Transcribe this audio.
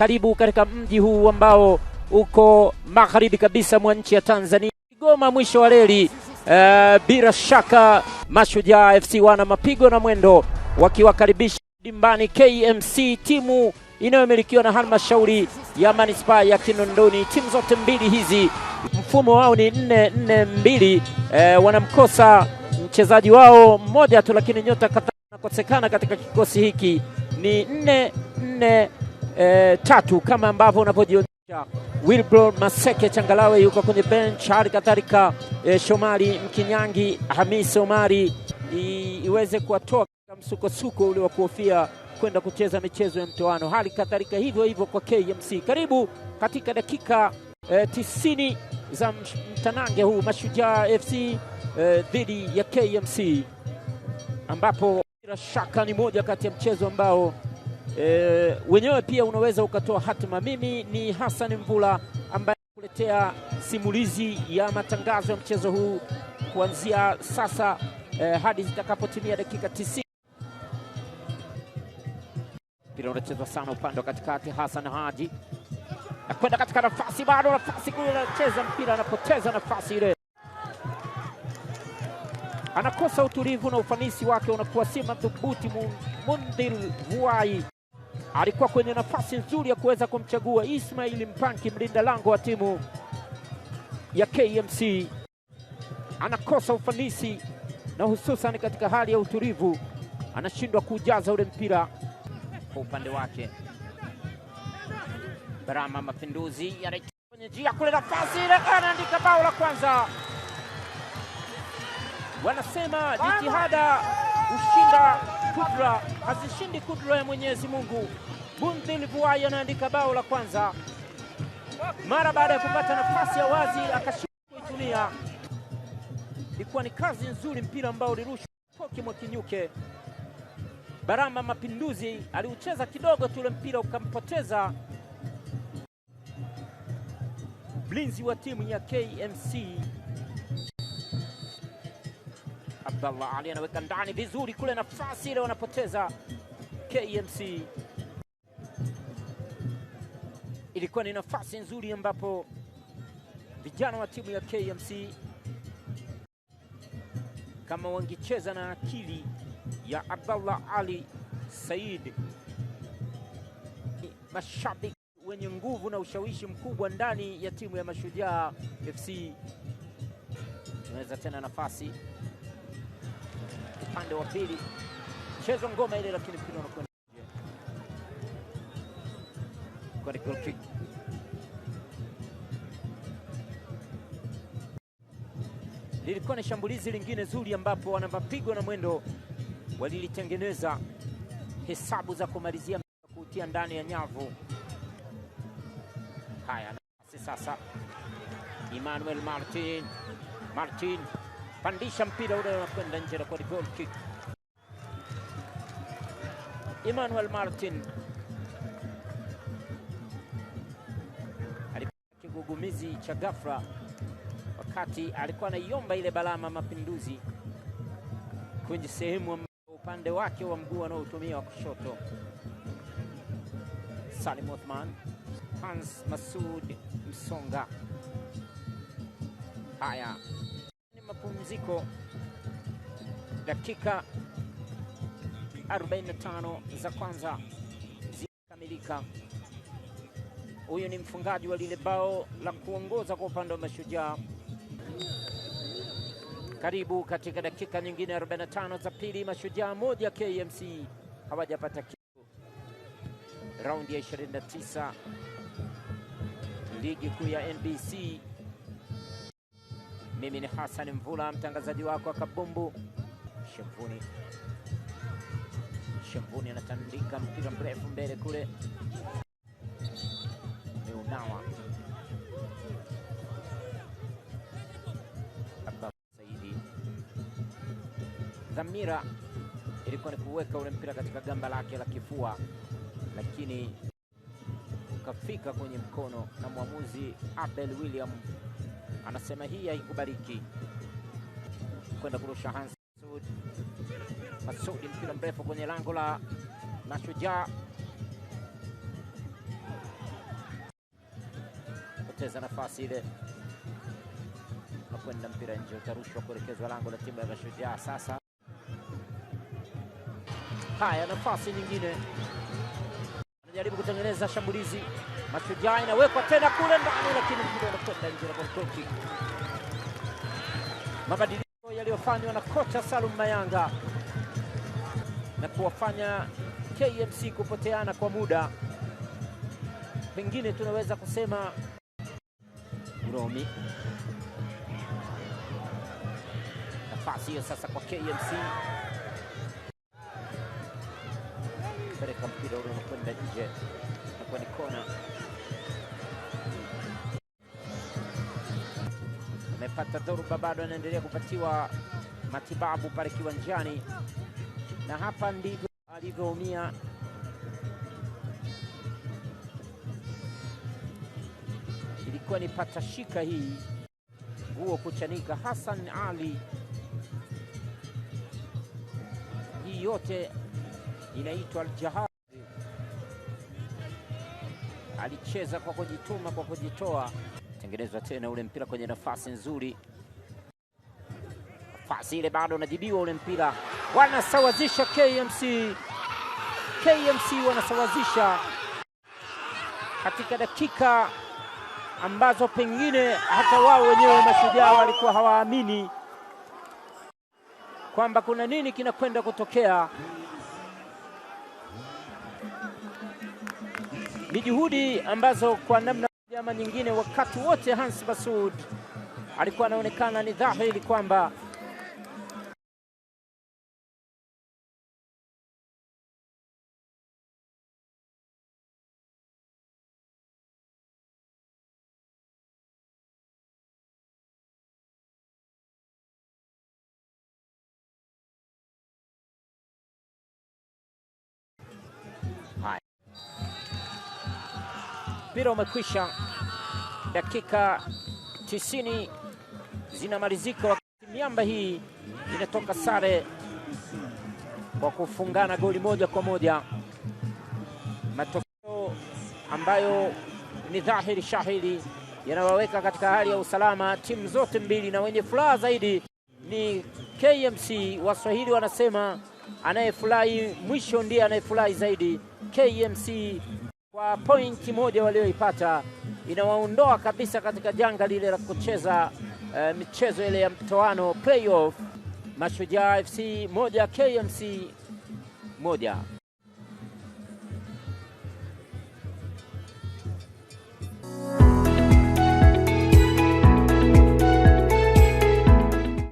Karibu katika mji huu ambao uko magharibi kabisa mwa nchi ya Tanzania, Kigoma, mwisho wa reli. Uh, bila shaka Mashujaa FC wana mapigo na mwendo wakiwakaribisha dimbani KMC, timu inayomilikiwa na halmashauri ya manispaa ya Kinondoni. Timu zote mbili hizi mfumo wao ni 4-4-2. Eh, wanamkosa mchezaji wao mmoja tu, lakini nyota kadhaa anakosekana katika kikosi hiki, ni 4 nne eh, tatu kama ambavyo unavyojionyesha Wilbron Maseke Changalawe yuko kwenye bench, hali kadhalika eh, Shomari Mkinyangi, Hamis Omari iweze kuwatoa msukosuko ule wa kuhofia kwenda kucheza michezo ya mtoano. Hali kadhalika hivyo hivyo kwa KMC. Karibu katika dakika eh, tisini za mtanange huu Mashujaa FC dhidi eh, dhidi ya KMC ambapo bila shaka ni moja kati ya mchezo ambao e, wenyewe pia unaweza ukatoa hatima. Mimi ni Hassan Mvula ambaye kuletea simulizi ya matangazo ya mchezo huu kuanzia sasa e, hadi zitakapotimia dakika 90. Mpira unachezwa sana upande wa katikati, Hassan Haji nakwenda katika nafasi, bado nafasi kule, anacheza mpira, anapoteza nafasi ile anakosa utulivu na ufanisi wake unakuwa si madhubuti. Mundhir Vuai alikuwa kwenye nafasi nzuri ya kuweza kumchagua Ismail Mpanki, mlinda lango wa timu ya KMC, anakosa ufanisi na hususan katika hali ya utulivu, anashindwa kuujaza ule mpira kwa upande wake. Barama Mapinduzi yanaingia kwenye njia kule, nafasi ile, anaandika bao la kwanza. Wanasema jitihada ushinda kudra hazishindi kudra ya Mwenyezi Mungu. Bundhil Vuai anaandika bao la kwanza mara baada ya kupata nafasi ya wazi akashindwa kuitumia. Ilikuwa ni kazi nzuri, mpira ambao ulirushwa koki mwa kinyuke. Barama Mapinduzi aliucheza kidogo tu ule mpira ukampoteza mlinzi wa timu ya KMC. Abdallah Ali anaweka ndani vizuri kule, nafasi ile wanapoteza KMC. Ilikuwa ni nafasi nzuri ambapo vijana wa timu ya KMC kama wangecheza na akili ya Abdallah Ali Said, mashabiki wenye nguvu na ushawishi mkubwa ndani ya timu ya Mashujaa FC. Tunaweza tena nafasi upande wa pili, chezwa ngoma ile, lakini mpira unakwenda kwani goal kick lilikuwa na shambulizi lingine zuri ambapo wanavyopigwa na mwendo walilitengeneza hesabu za kumalizia kuutia ndani ya nyavu. Haya nasi sasa, Emmanuel Martin Martin pandisha mpira ule unakwenda nje na kwa goal kick. Emmanuel Martin alikuwa kigugumizi cha ghafla wakati alikuwa anaiomba ile balama mapinduzi kwenye sehemu ambayo upande wake wa mguu anaotumia wa kushoto. Salim Othman, Hans Masud Msonga. Haya mapumziko dakika 45 za kwanza zimekamilika. Huyu ni mfungaji wa lile bao la kuongoza kwa upande wa Mashujaa. Karibu katika dakika nyingine 45 za pili, Mashujaa moja KMC hawajapata kitu. Raundi ya 29 ligi kuu ya NBC. Mimi ni Hassan Mvula, mtangazaji wako wa kabumbu. Shemvuni, anatandika mpira mrefu mbele kule, ni Abba Saidi. Dhamira ilikuwa ni kuweka ule mpira katika gamba lake la kifua, lakini ukafika kwenye mkono na mwamuzi Abel William anasema hii haikubaliki, kwenda kurusha Hans Masoud, Masudi, mpira mrefu kwenye lango la na Shujaa, poteza nafasi ile nakwenda kwenda mpira nje, utarushwa kuelekezwa lango la timu ya Mashujaa. Sasa haya, nafasi nyingine jaribu kutengeneza shambulizi. Mashujaa inawekwa tena kule ndani, lakini kwenda nje na kontoki. Mabadiliko yaliyofanywa na kocha Salum Mayanga na kuwafanya KMC kupoteana kwa muda, pengine tunaweza kusema romi Nafasi hiyo sasa kwa KMC. kuweka mpira ule unakwenda nje, inakuwa ni kona. Amepata dhoruba, bado anaendelea kupatiwa matibabu pale kiwanjani, na hapa ndivyo alivyoumia ilikuwa ni patashika hii, nguo kuchanika. Hassan Ali, hii yote inaitwa aljaha alicheza kwa kujituma, kwa kujitoa. Tengenezwa tena ule mpira kwenye nafasi nzuri, nafasi ile bado unajibiwa ule mpira, wanasawazisha KMC. KMC wanasawazisha katika dakika ambazo pengine hata wao wenyewe mashujaa walikuwa hawaamini kwamba kuna nini kinakwenda kutokea. ni juhudi ambazo kwa namna ama nyingine, wakati wote Hans Basud alikuwa anaonekana ni dhahiri kwamba mpira umekwisha, dakika 90 zinamalizika wakati miamba hii inatoka sare kwa kufungana goli moja kwa moja, matokeo ambayo ni dhahiri shahiri yanawaweka katika hali ya usalama timu zote mbili, na wenye furaha zaidi ni KMC. Waswahili wanasema anayefurahi mwisho ndiye anayefurahi zaidi. KMC kwa pointi moja walioipata inawaondoa kabisa katika janga lile la kucheza uh, michezo ile ya mtoano playoff. Mashujaa FC moja KMC moja.